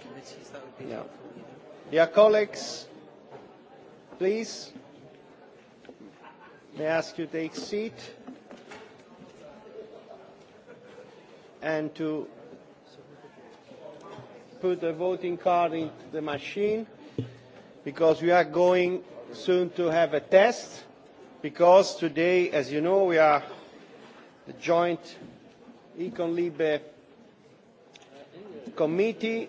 committees, that would be yeah. helpful. You know. Yeah, colleagues, please, may I ask you to take seat and to put the voting card in the machine because we are going soon to have a test because today, as you know, we are the joint Econ Libre committee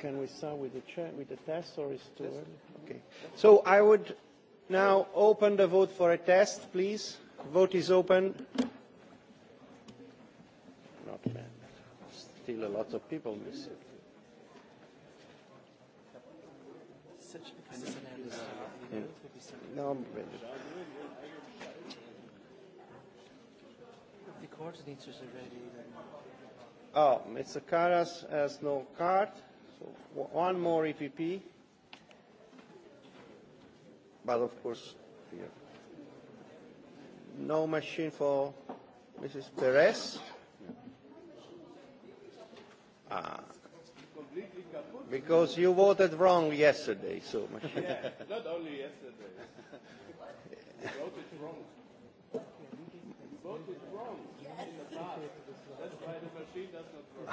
can we start with the chair, with the test or is it too early? Okay. So I would now open the vote for a test, please. Vote is open. Not bad. Still a lot of people missing. No, I'm ready. The coordinators are ready. Then. Oh, Mr. Karas has no card one more EPP. But of course, yeah. no machine for Mrs. Perez. Ah. Because you voted wrong yesterday, so. yeah, not only yesterday. you voted wrong. What is wrong yes. in the past? That's why the machine does not work.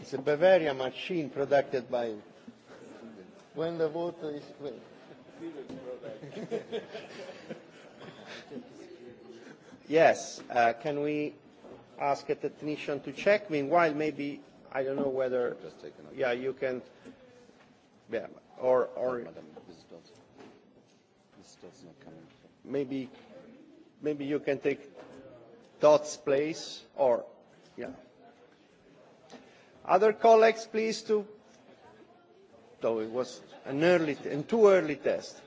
it's a Bavaria machine produced by when the water is clean. yes, uh, can we ask a technician to check? Meanwhile, maybe, I don't know whether. Just take another yeah, you can. Yeah, or. or Madam, this does, this does not come in. Maybe maybe you can take Dot's place or, yeah. Other colleagues, please, to, though it was an early, t and too early test.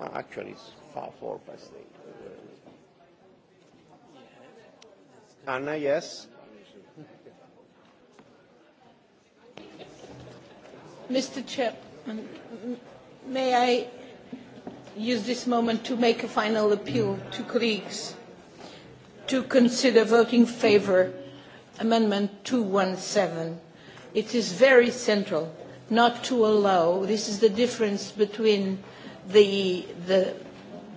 Oh, actually, it's far four past eight. Anna, yes? Mr. Chip. May I use this moment to make a final appeal to colleagues to consider voting favour Amendment 217. It is very central not to allow, this is the difference between the, the,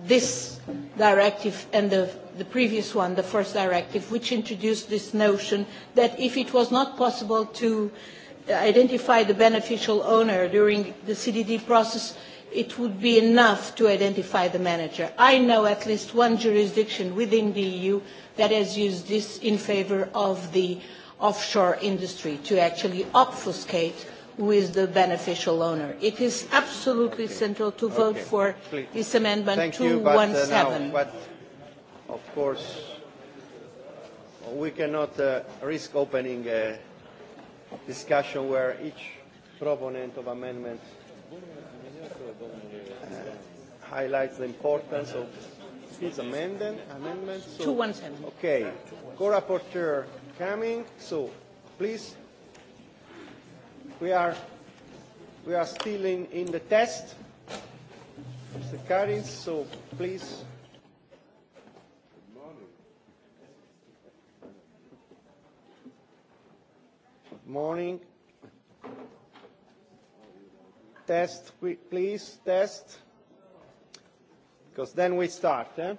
this directive and the, the previous one, the first directive, which introduced this notion that if it was not possible to uh, identify the beneficial owner during the CDD process, it would be enough to identify the manager. I know at least one jurisdiction within the EU that has used this in favor of the offshore industry to actually obfuscate who is the beneficial owner. It is absolutely okay. central to okay. vote for Please. this amendment Thank 217. You, but, uh, now, but of course, we cannot uh, risk opening uh, discussion where each proponent of amendment uh, highlights the importance of his amendment. amendment. So, 217. Okay. Co-rapporteur coming. So, please, we are, we are still in, in the test. Mr. Karins, so please. morning. Test, please, test. Because then we start. Eh?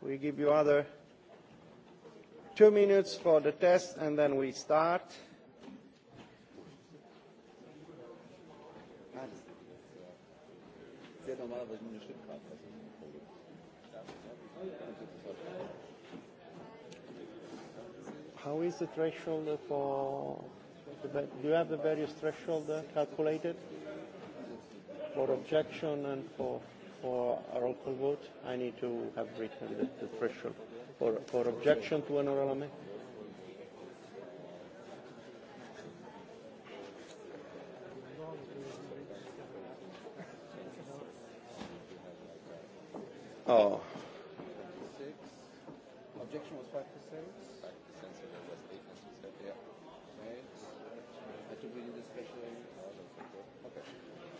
We give you other two minutes for the test and then we start. Sie hat normalerweise nur eine Stimmkarte how is the threshold for the, do you have the various threshold uh, calculated for objection and for for a roll call vote i need to have written the, the threshold for for objection to an oral amendment Oh.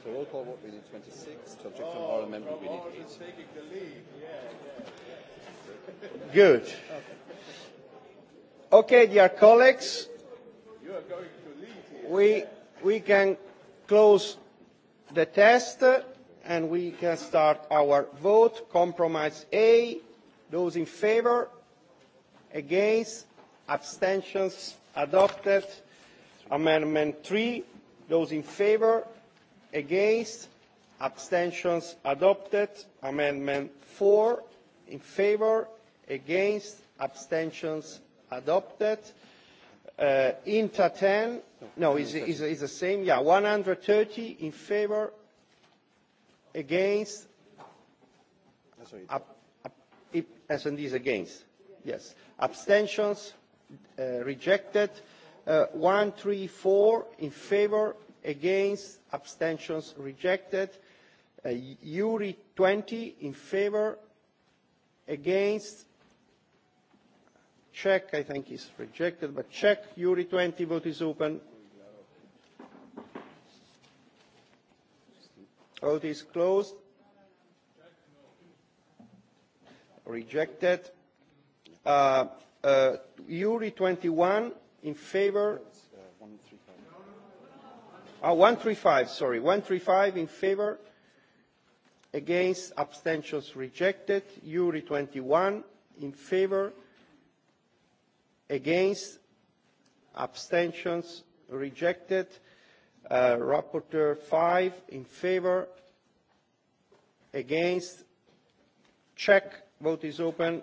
So roll call vote, we need 26. To object from all members, we need 8. Good. Okay, dear colleagues. You are going to lead here. We, we can close the test and we can start our vote. Compromise A. Those in favour? Against? Abstentions? Adopted. Amendment 3. Those in favour? against abstentions adopted amendment four in favour against abstentions adopted uh, inter ten no is is is the same yeah one hundred thirty in favour against S and D's against. Yes. Abstentions uh, rejected. Uh, 134 in favour against abstentions rejected uh, Yuri 20 in favor against check I think is rejected but check Yuri 20 vote is open vote is closed rejected uh, uh, Yuri 21 in favor Uh, one thirty five in favour against abstentions rejected yuri twenty one in favour against abstentions rejected uh, rapporteur five in favour against check vote is open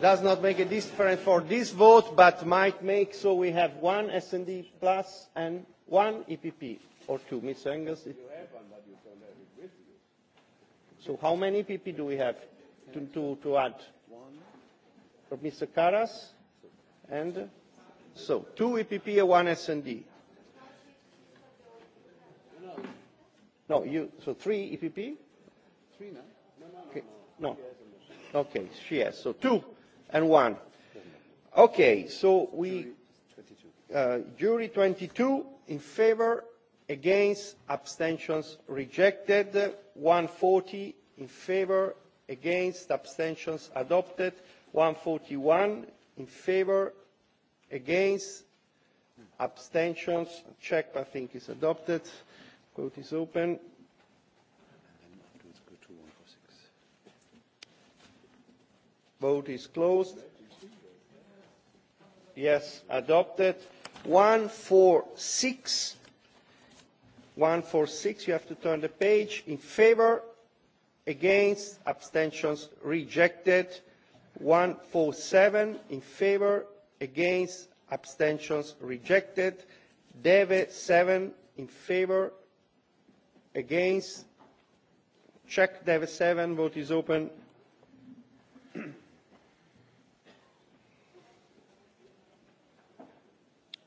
does not make a difference for this vote but might make so we have one sd plus and one epp or two mr engels you have one, but you don't have it with you. so how many epp do we have to, to, to add one for mr karas and so two epp and one sd no you so three epp three no no no, okay. no. no. Okay, she has. So two and one. Okay, so we, uh, jury 22 in favor, against, abstentions rejected, 140 in favor, against, abstentions adopted, 141 in favor, against, abstentions checked, I think is adopted, quote is open, vote is closed yes adopted 146 146 you have to turn the page in favor against abstentions rejected 147 in favor against abstentions rejected deve 7 in favor against check deve 7 vote is open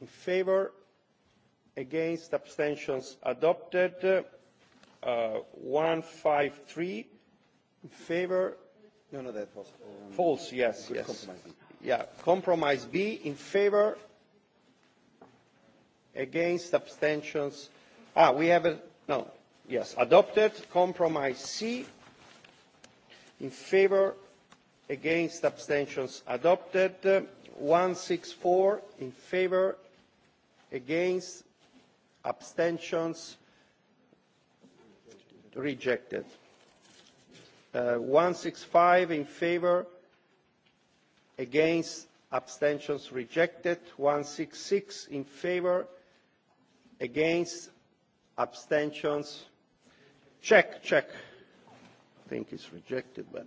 in favour against abstentions adopted uh, one hundred and fifty three in favour no no that was um, false yes yes compromise. yeah compromise b in favour against abstentions ah we have a no yes adopted compromise c in favour against abstentions adopted 164 in favour against abstentions rejected uh, 165 in favor against abstentions rejected 166 in favor against abstentions check check i think it's rejected but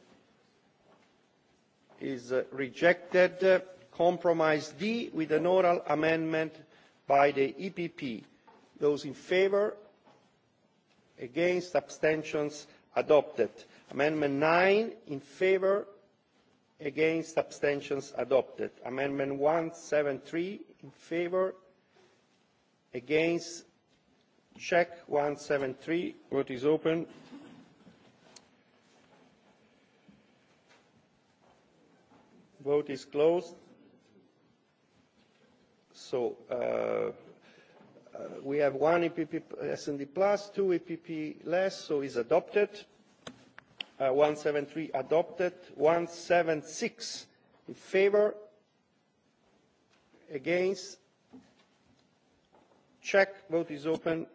is rejected compromise d with an oral amendment by the epp those in favour against abstentions adopted amendment nine in favour against abstentions adopted amendment one seven three in favour against check one seven three vote is open Vote is closed. So uh, uh, we have one EPP plus, two EPP less, so is adopted. 173 uh, adopted, 176 in favor, against. Check. Vote is open.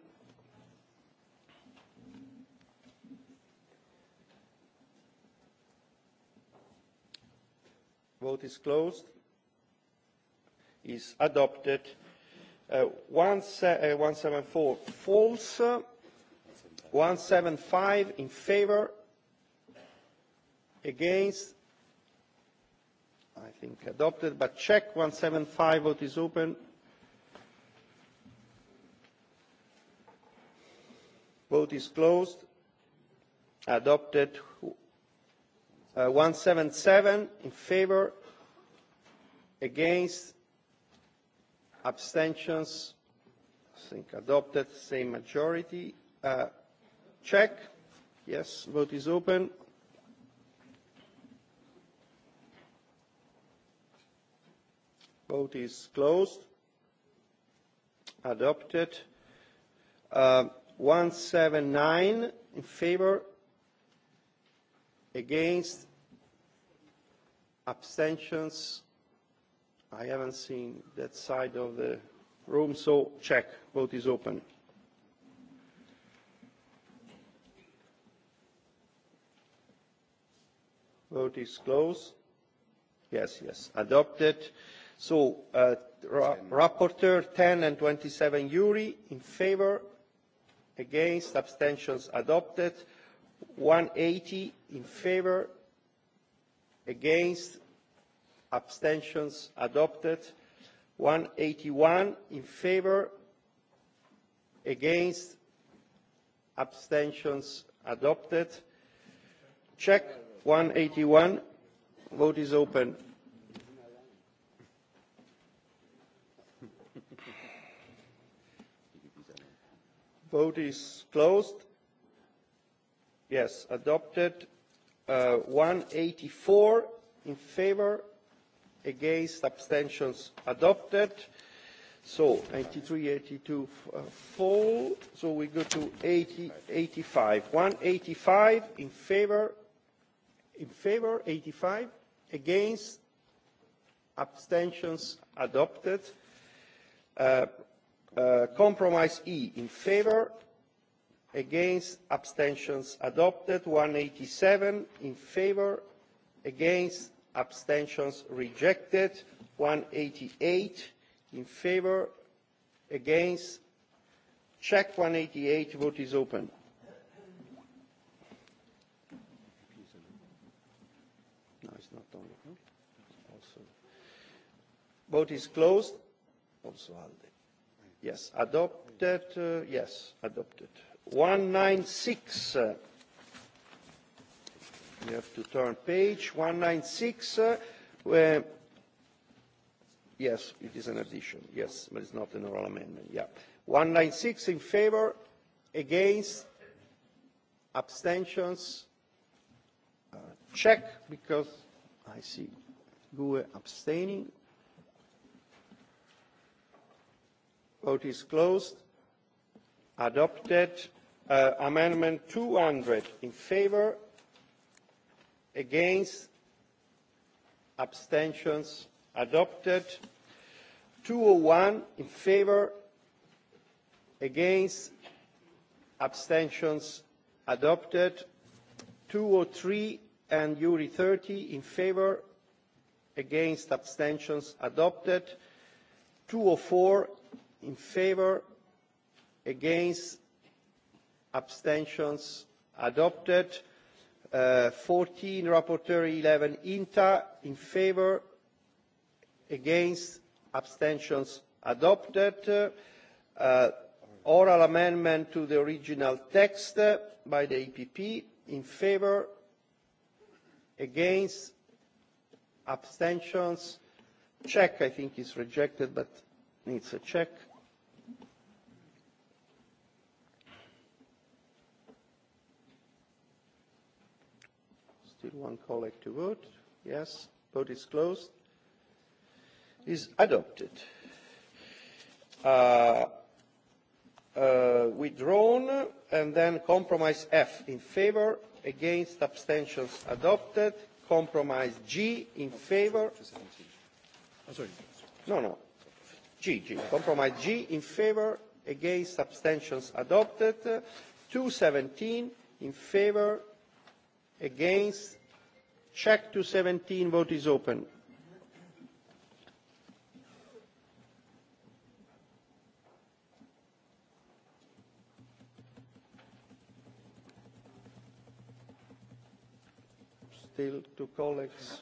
vote is closed is adopted uh, one se uh, 174 false uh, 175 in favor against I think adopted but check 175 vote is open vote is closed adopted uh, 177 in favor against abstentions I think adopted same majority uh, check yes vote is open vote is closed adopted uh, 179 in favor against abstentions I haven't seen that side of the room, so check, vote is open. Vote is closed. Yes, yes, adopted. So, uh, ra Rapporteur 10 and 27 Yuri in favor, against, abstentions adopted. 180 in favor, against, abstentions adopted one hundred and eighty one in favour against abstentions adopted check one hundred and eighty one vote is open vote is closed yes adopted uh, one hundred and eighty four in favour against abstentions adopted so eighty three eighty two four uh, so we go to eighty eighty five one eighty five in favour in favour eighty five against abstentions adopted uh, uh, compromise e in favour against abstentions adopted 187 in favour against abstentions rejected one hundred and eighty eight in favour against check one hundred and eighty eight vote is open no it's not only also vote is closed also alde yes adopted uh, yes adopted one hundred and ninety six uh, we have to turn page 196 uh, where yes it is an addition yes but it's not an oral amendment yeah 196 in favor against abstentions uh, check because i see GUE abstaining vote is closed adopted uh, amendment 200 in favor against abstentions adopted two oh one in favour against abstentions adopted two oh three and Uri thirty in favour against abstentions adopted two oh four in favour against abstentions adopted Uh, fourteen rapporteur eleven inta in favour against abstentions adopted uh, oral amendment to the original text by the EPP in favour against abstentions check I think is rejected but needs a check still one colleague to vote. Yes. Vote is closed. Is adopted. Uh, uh, withdrawn and then compromise F in favour, against abstentions adopted, compromise G in favour. Oh, no, no. G, G. Compromise G in favour, against abstentions adopted, 217 in favour, against check to 17 vote is open still two colleagues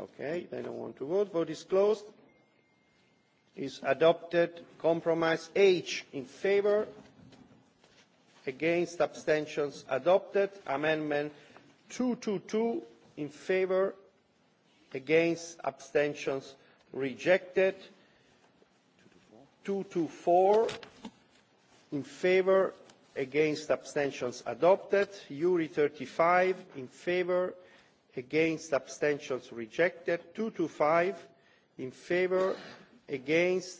okay they don't want to vote vote is closed is adopted compromise h in favor against abstentions adopted amendment 222 in favour against abstentions rejected 224 in favour against abstentions adopted URI 35 in favour against abstentions rejected 225 in favour against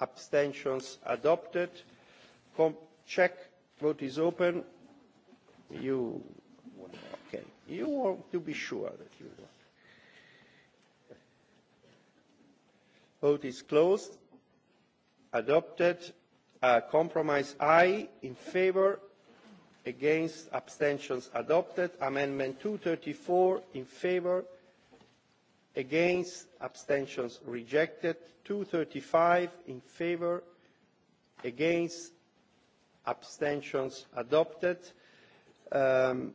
abstentions adopted Com check vote is open you you want to be sure that you won't. vote is closed adopted uh, compromise i in favor against abstentions adopted amendment 234 in favor against abstentions rejected 235 in favor against abstentions adopted um,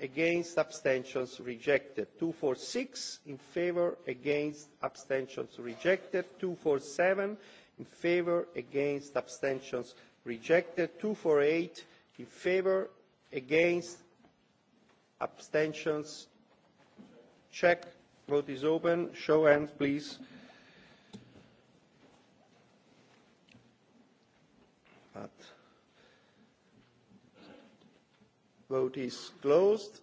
against abstentions rejected two four six in favour against abstentions rejected two four seven in favour against abstentions rejected two four eight in favour against abstentions check vote is open show hands please vote is closed.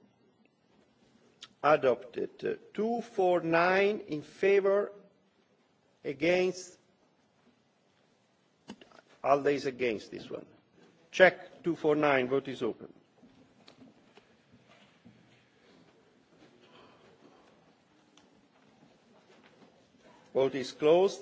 Adopted. 249 uh, in favour, against. ALDE is against this one. Check 249, vote is open. Vote is closed.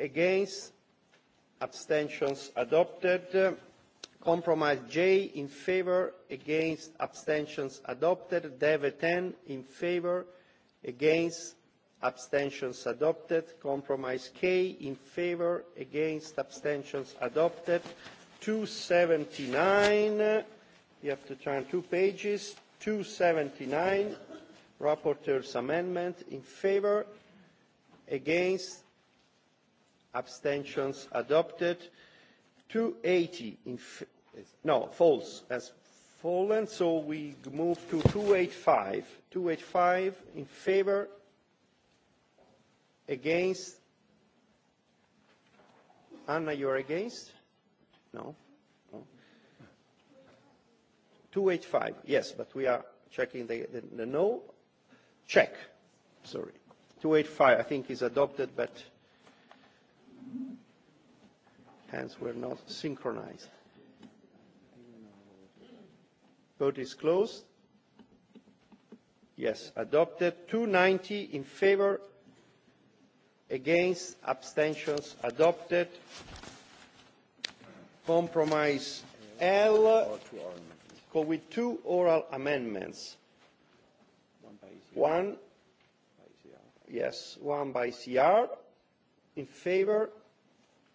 against abstentions adopted compromise j in favour against abstentions adopted deve 10 in favour against abstentions adopted compromise k in favour against abstentions adopted 279 you have to turn two pages 279 rapporteur's amendment in favour against abstentions adopted two eighty in no false has fallen so we move to two eight five two eight five in favor against Anna you're against no, no. two eight five yes but we are checking the, the, the no check sorry two eight five I think is adopted but hence we're not synchronized. Vote is closed. Yes, adopted. 290 in favour, against, abstentions adopted. Compromise L with two oral amendments. One, yes, one by CR in favour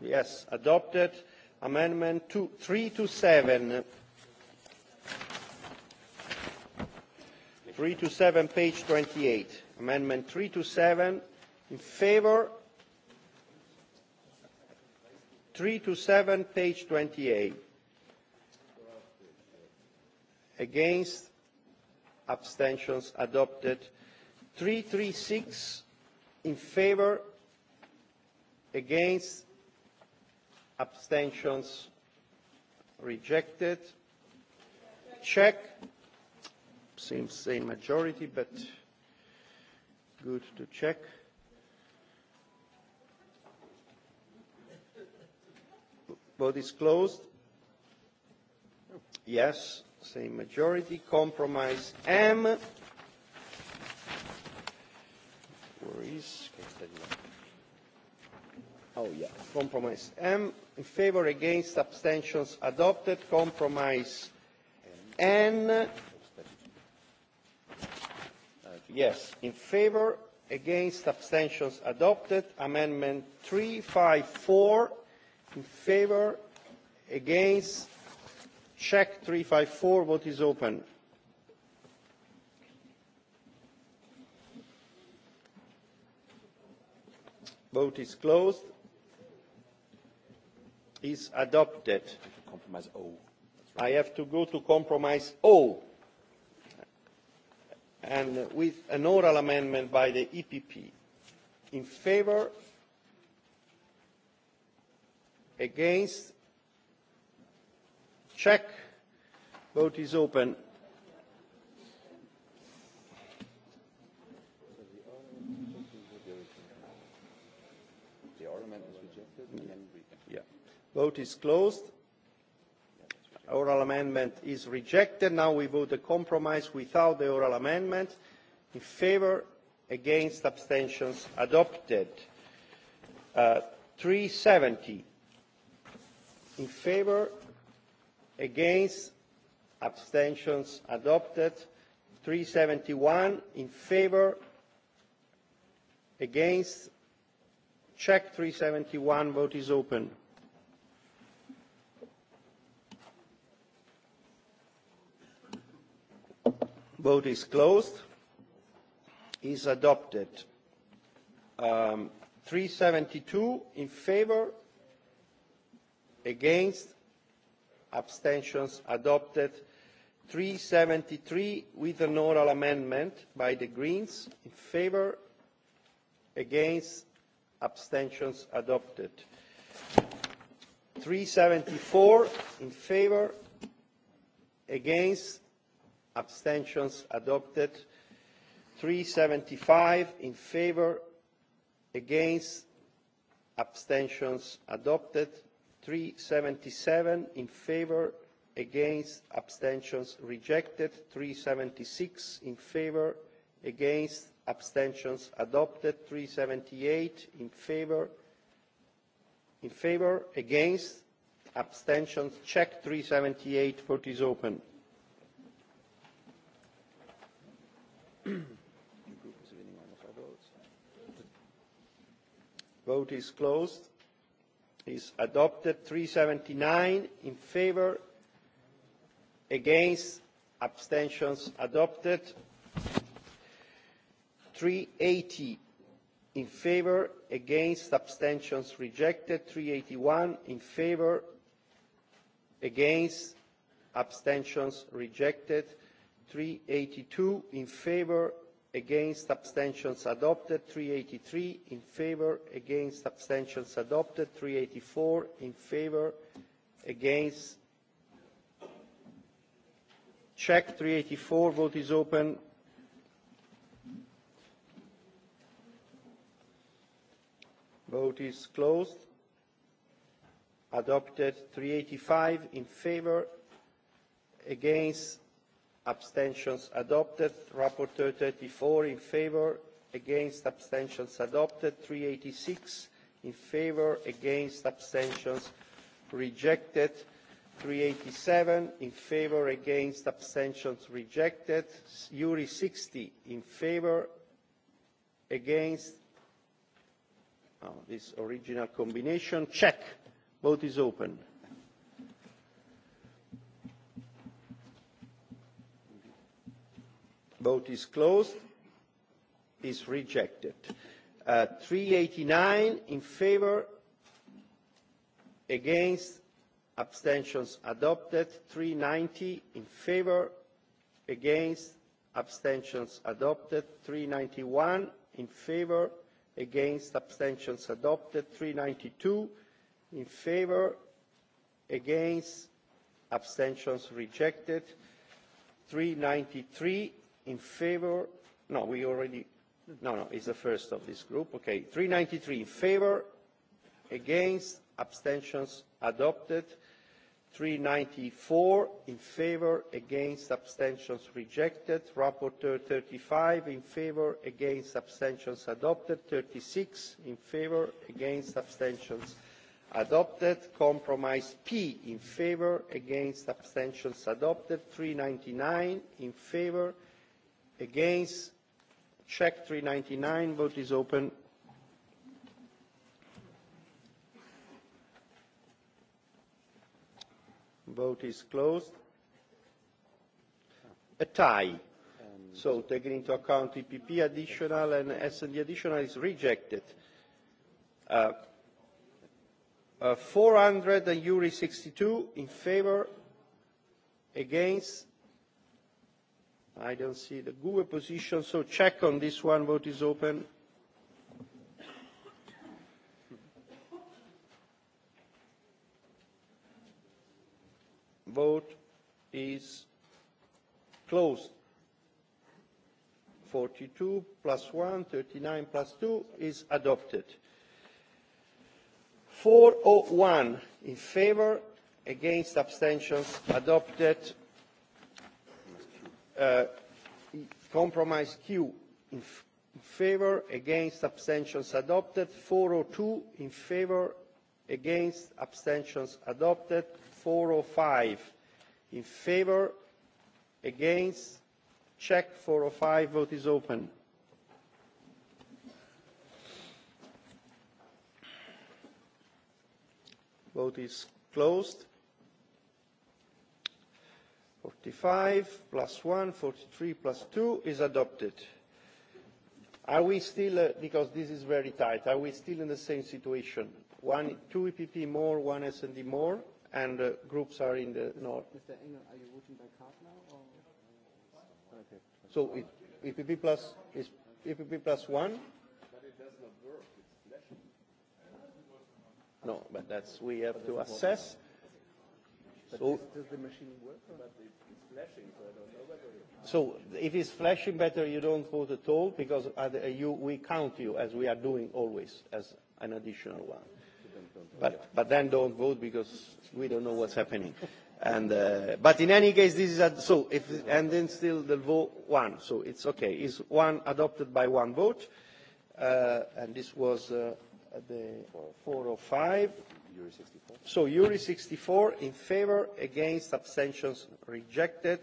yes adopted amendments three to seven three to seven page twenty eight amendment three to seven in favor three to seven page twenty eight against abstentions adopted three three six in favor against abstentions rejected check seems same majority but good to check vote is closed yes same majority compromise m where is no. oh yeah compromise m in favour against abstentions adopted compromise and yes in favour against abstentions adopted amendment three five four in favour against check three five four vote is open vote is closed is adopted i have to go to compromise o and with an oral amendment by the epp in favour against check vote is open amendment is rejected and then we can yeah vote is closed oral amendment is rejected now we vote a compromise without the oral amendment in favor against abstentions adopted uh, 370 in favor against abstentions adopted 371 in favor against check 371 vote is open vote is closed is adopted um, 372 in favor against abstentions adopted 373 with an oral amendment by the greens in favor against abstentions adopted. three seventy four in favour against abstentions adopted. three seventy five in favour against abstentions adopted. three seventy seven in favour against abstentions rejected. three seventy six in favour against abstentions adopted 378 in favor in favor against abstentions check 378 vote is open vote is closed is adopted 379 in favor against abstentions adopted three eighty in favour against abstentions rejected three eighty one in favour against abstentions rejected three eighty two in favour against abstentions adopted three eighty three in favour against abstentions adopted three eighty four in favour against check three eighty four vote is open vote is closed adopted 385 in favor against abstentions adopted rapporteur 34 in favor against abstentions adopted 386 in favor against abstentions rejected 387 in favor against abstentions rejected Yuri 60 in favor against oh, this original combination. Check. Vote is open. Vote is closed. Is rejected. Uh, 389 in favor, against, abstentions adopted. 390 in favor, against, abstentions adopted. 391 in favor, against, against abstentions adopted 392 in favor against abstentions rejected 393 in favor no we already no no it's the first of this group okay 393 in favor against abstentions adopted 394 in favor against abstentions rejected rapporteur 35 in favor against abstentions adopted 36 in favor against abstentions adopted compromise p in favor against abstentions adopted 399 in favor against check 399 vote is open vote is closed. A tie. So taking into account EPP additional and S&D additional is rejected. Uh, uh, 400 and URI 62 in favor, against, I don't see the GUE position, so check on this one, vote is open. vote is closed. forty two plus one thirty nine plus two is adopted. four oh one in favour against abstentions adopted. Uh, compromise q in, in favour against abstentions adopted. four oh two in favour against abstentions adopted four hundred oh and five in favour against check four hundred oh and five vote is open vote is closed forty five plus one forty three plus two is adopted are we still uh, because this is very tight are we still in the same situation one two epp more one sd more? and uh, groups are in the north. Mr. Engel, are you voting by card now? Or? So it, EPP plus is EPP plus one. But it does not work. It's flashing. No, but that's we have to assess. But so does the machine work? But it's flashing, so I don't know whether. So if it's flashing better, you don't vote at all because you, we count you as we are doing always as an additional one but, but then don't vote because we don't know what's happening. And, uh, but in any case, this is a, so. If, and then still the vote one, so it's okay. Is one adopted by one vote? Uh, and this was uh, the four or five. Uri 64. So Uri 64 in favour, against abstentions rejected.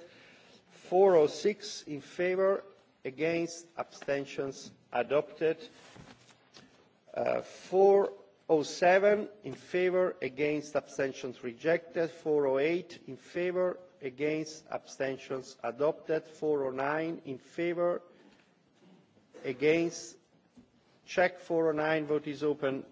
406 in favour, against abstentions adopted. Uh, four seven in favour against abstentions rejected four oh eight in favour against abstentions adopted four oh nine in favour against check four oh nine vote is open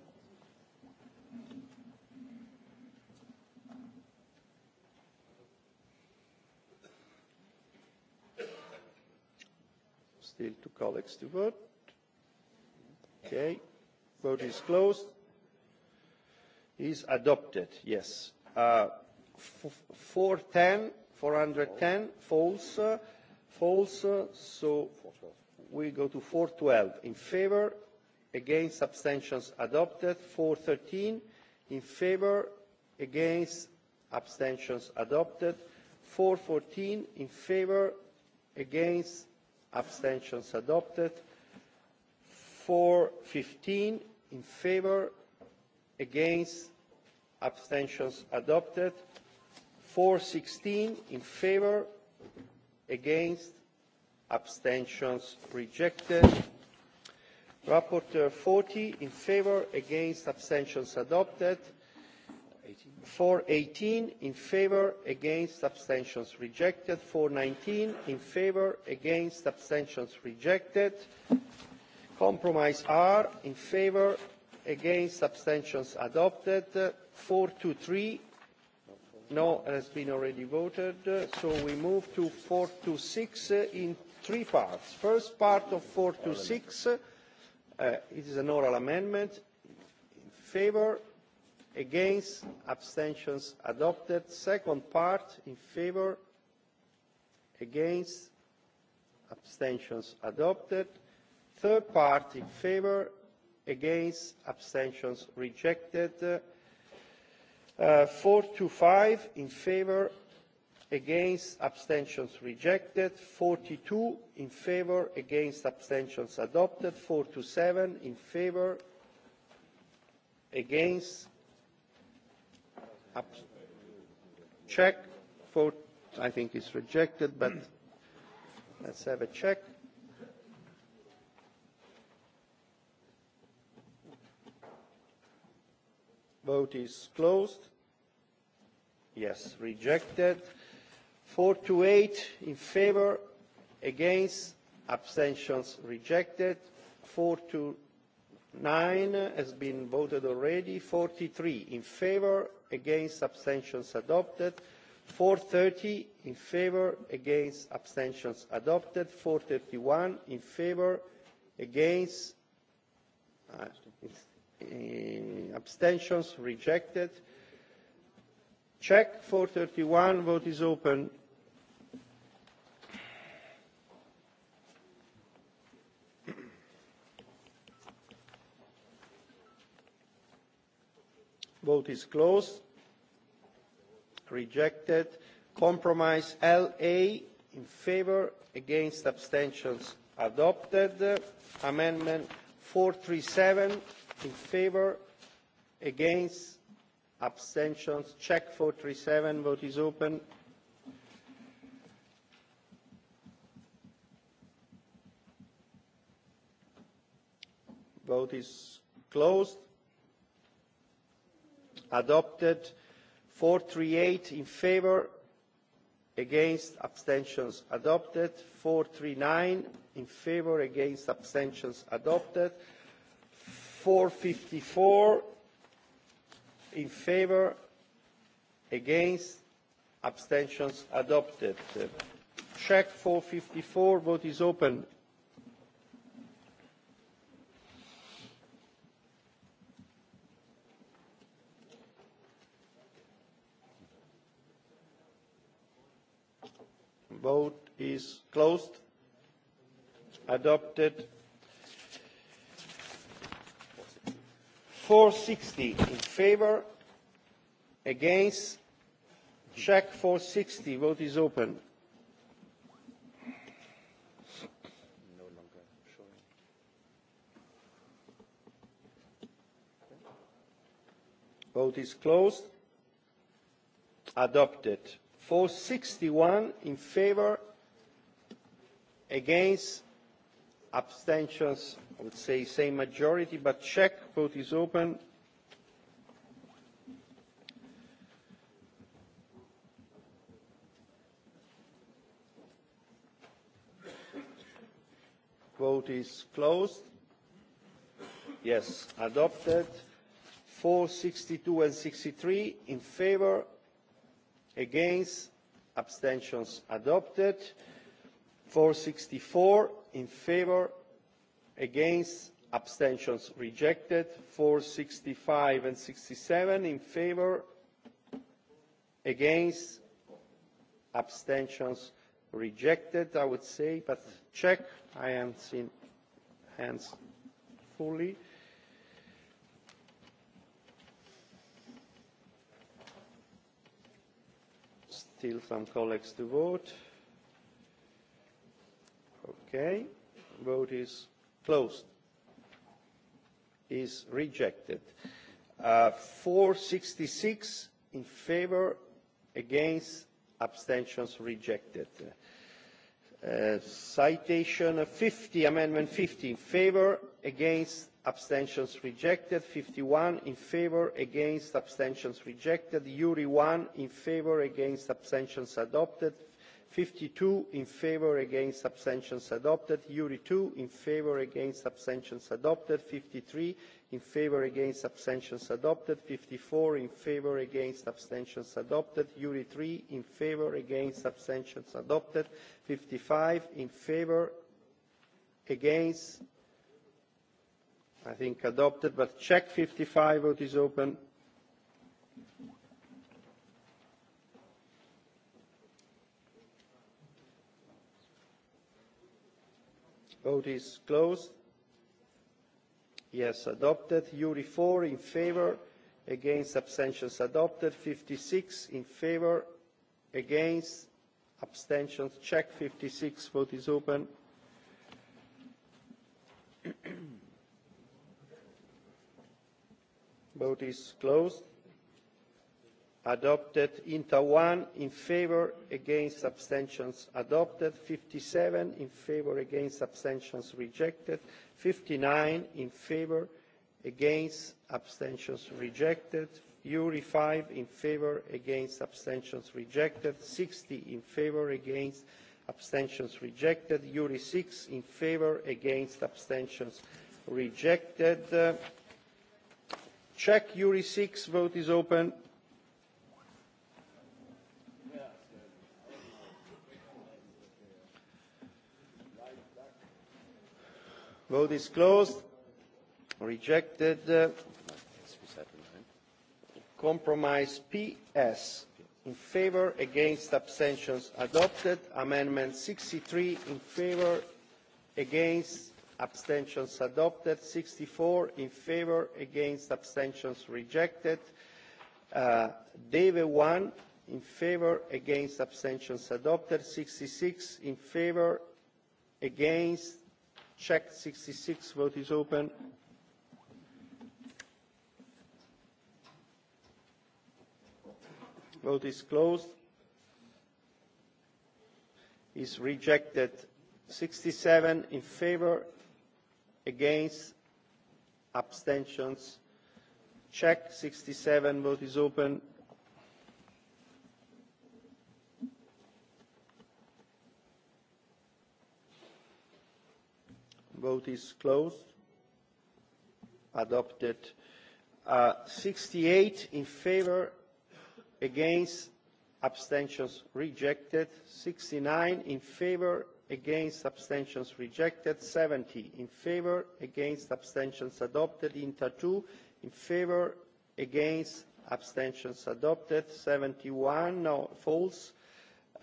still two colleagues to vote okay vote is closed is adopted yes uh, four ten four hundred ten false uh, false uh, so we go to four twelve in favour against abstentions adopted four thirteen in favour against abstentions adopted four fourteen in favour against abstentions adopted four fifteen in favour against abstentions adopted four sixteen in favour against abstentions rejected rapporteur forty in favour against abstentions adopted four eighteen in favour against abstentions rejected four nineteen in favour against abstentions rejected compromise are in favour against abstentions adopted four to three no has been already voted so we move to four to six in three parts. the first part of four to six uh, is an oral amendment in favour against abstentions adopted second part in favour against abstentions adopted third part in favour against abstentions rejected uh, four to five in favour against abstentions rejected forty two in favour against abstentions adopted four to seven in favour against check for i think it's rejected but let's have a check vote is closed yes rejected 4 to 8 in favor against abstentions rejected 4 to 9 has been voted already 43 in favor against abstentions adopted 430 in favor against abstentions adopted 431 in favor against uh, Uh, abstentions rejected check 431 vote is open vote is closed rejected compromise la in favor against abstentions adopted amendment 437 in favor against abstentions check 437 vote is open vote is closed adopted 438 in favor against abstentions adopted 439 in favor against abstentions adopted 454 in favor, against, abstentions adopted. Check 454, vote is open. Vote is closed, adopted 460 in favor against check 460 vote is open no longer showing vote is closed adopted 461 in favor against abstentions I would say same majority, but check, vote is open. Vote is closed. Yes, adopted. 462 and 63 in favor, against, abstentions adopted. 464 in favor, against abstentions rejected 465 and 67 in favor against abstentions rejected i would say but check i am seeing hands fully still some colleagues to vote okay vote is closed is rejected uh, four sixty six in favor against abstentions rejected uh, citation of uh, 50 amendment 50 in favor against abstentions rejected 51 in favor against abstentions rejected uri 1 in favor against abstentions adopted fifty two in favour against abstentions adopted jri two in favour against abstentions adopted fifty three in favour against abstentions adopted fifty four in favour against abstentions adopted jri three in favour against abstentions adopted fifty five in favour against i think adopted but check fifty five vote is open Vote is closed. Yes, adopted. URI 4 in favour. Against abstentions adopted. 56 in favour. Against abstentions check. 56. Vote is open. Vote is closed adopted inta one in favour against abstentions adopted fifty seven in favour against abstentions rejected fifty nine in favour against abstentions rejected uri five in favour against abstentions rejected sixty in favour against abstentions rejected uri six in favour against abstentions rejected check uri six vote is open Vote is closed. Rejected. Compromise PS. In favour, against, abstentions. Adopted. Amendment 63. In favour, against, abstentions. Adopted. 64. In favour, against, abstentions. Rejected. Uh, Deve 1. In favour, against, abstentions. Adopted. 66. In favour, against, checked 66 vote is open vote is closed is rejected 67 in favor against abstentions check 67 vote is open vote is closed adopted uh, 68 in favor against abstentions rejected 69 in favor against abstentions rejected 70 in favor against abstentions adopted in tattoo in favor against abstentions adopted 71 no false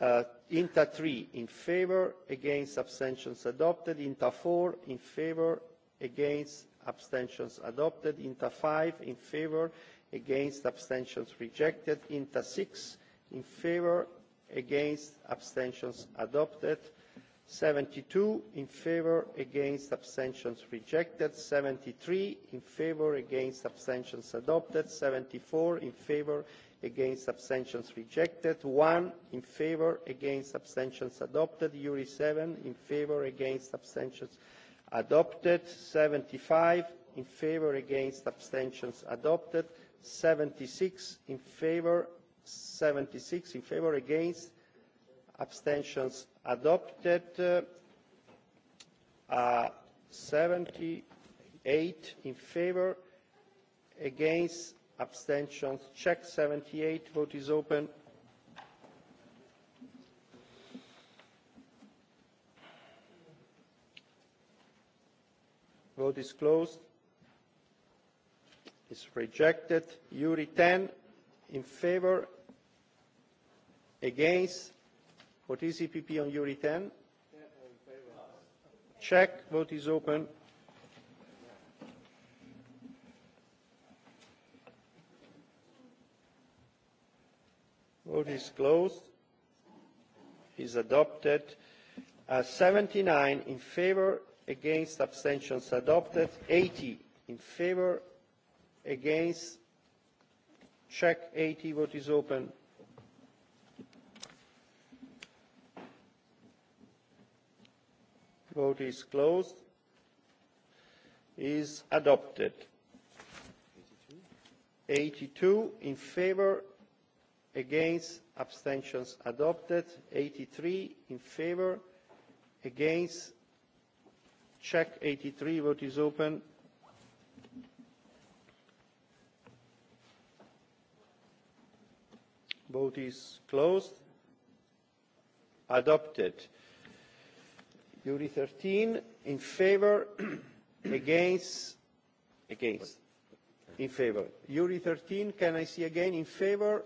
Uh, inta three in favour against abstentions adopted inta four in favour against abstentions adopted inta five in favour against abstentions rejected inta six in favour against abstentions adopted seventy two in favour against abstentions rejected seventy three in favour against abstentions adopted seventy four in favour against abstentions rejected one in favour against abstentions adopted eur seven in favour against abstentions adopted seventy five in favour against abstentions adopted seventy six in favour seventy six in favour against abstentions adopted uh, uh, 78 in favor, against abstentions, check 78, vote is open. Vote is closed. Is rejected. URI 10 in favor, against What is EPP on URI 10? Check. Vote is open. Vote is closed. Is adopted. Uh, 79 in favor, against abstentions adopted. 80 in favor, against check 80. Vote is open. vote is closed is adopted eighty two in favour against abstentions adopted eighty three in favour against check eighty three vote is open vote is closed adopted Jury 13 in favor against against in favor Jury 13 can I see again in favor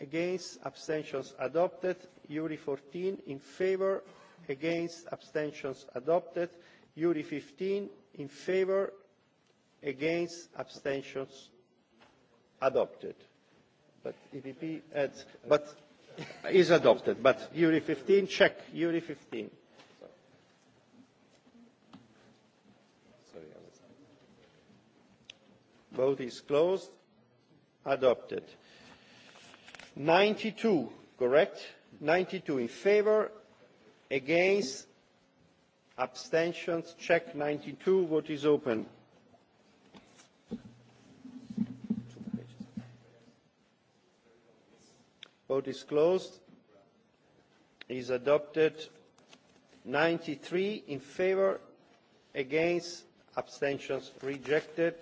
against abstentions adopted Jury 14 in favor against abstentions adopted Jury 15 in favor against abstentions adopted but EPP adds but is adopted but Jury 15 check Jury 15 vote is closed adopted ninety two correct ninety two in favour against abstentions check ninety two vote is open vote is closed is adopted ninety three in favour against abstentions rejected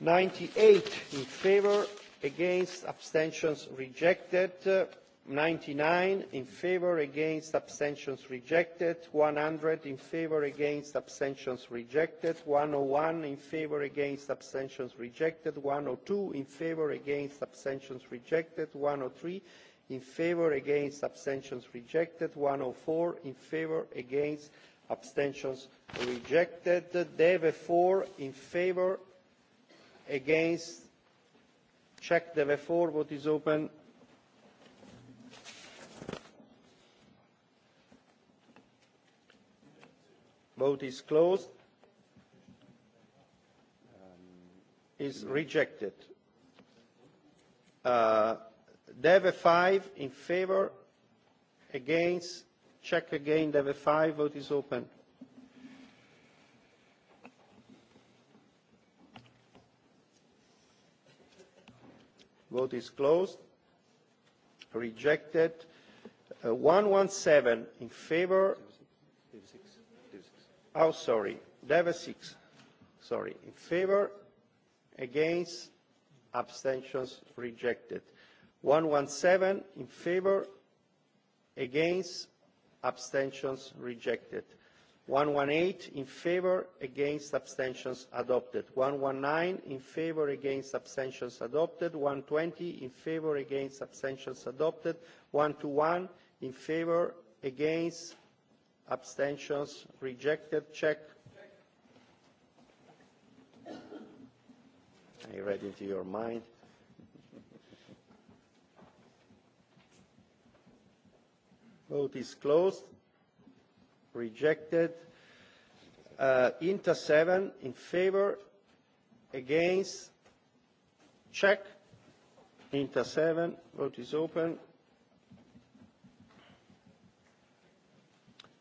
ninety eight in favour against abstentions rejected ninety nine in favour against abstentions rejected one hundred in favour against abstentions rejected one hundred and one in favour against abstentions rejected one hundred and two in favour against abstentions rejected one hundred and three in favour against abstentions rejected one hundred and four in favour against abstentions rejected therefore in favour against check the before vote is open vote is closed um, is rejected uh, dev 5 in favor against check again dev 5 vote is open vote is closed rejected uh, 117 in favor oh sorry there six sorry in favor against abstentions rejected 117 in favor against abstentions rejected 118 in favour against abstentions adopted 119 in favour against abstentions adopted 120 in favour against abstentions adopted 121 in favour against abstentions rejected check I read into your mind vote is closed rejected. Uh, Inta 7 in favor, against, check. Inta 7, vote is open.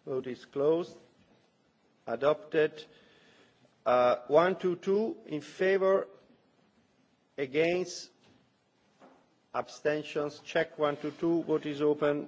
Vote is closed. Adopted. Uh, 122 in favor, against, abstentions, check 122, vote is open.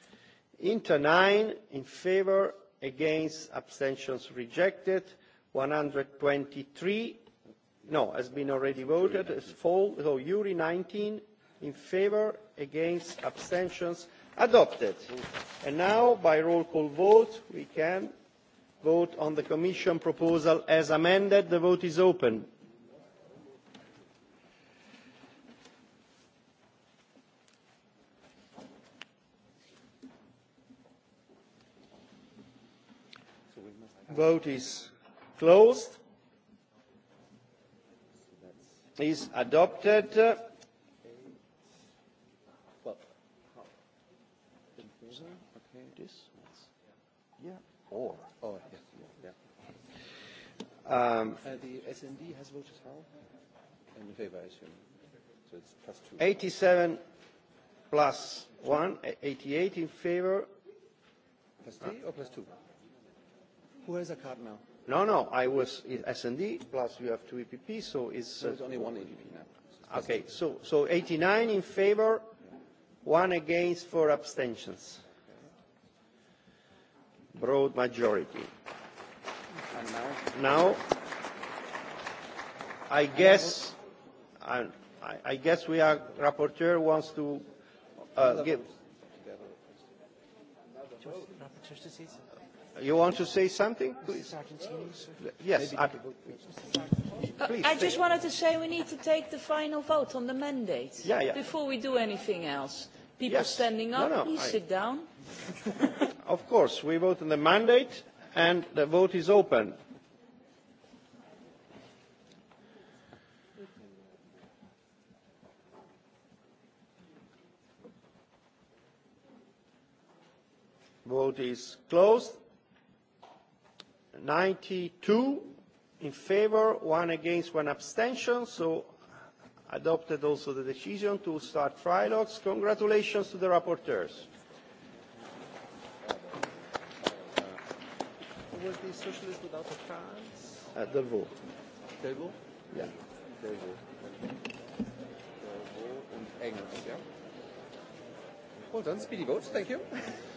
inter nine in favour against abstentions rejected one hundred and twenty three no has been already voted as full so jury nineteen in favour against abstentions adopted and now by roll call vote we can vote on the commission proposal as amended the vote is open. vote is closed. Is adopted. Um, uh, the SND has voted how? In favor, I assume. So it's plus two. 87 plus one, 88 in favor. Plus three uh, or plus two? Who has a card now? No, no, I was SND plus you have two EPP, so it's. Uh, There's only one EPP now. Uh, okay, so, so 89 in favor, one against four abstentions. Broad majority. And now? Now, I guess, I, I guess we are, rapporteur wants to uh, give. Just, rapporteur, just You want to say something? Please. Yes. I uh, just wanted to say we need to take the final vote on the mandate yeah, yeah. before we do anything else. People yes. standing no, up, no, no, please I... sit down. of course, we vote on the mandate and the vote is open. Vote is closed. 92 in favor, one against, one abstention. So adopted also the decision to start trilogues. Congratulations to the rapporteurs. Was the socialist without a chance? At uh, the vote. Table? Yeah. Table. Table and Engels, yeah? Well done, speedy votes, thank you.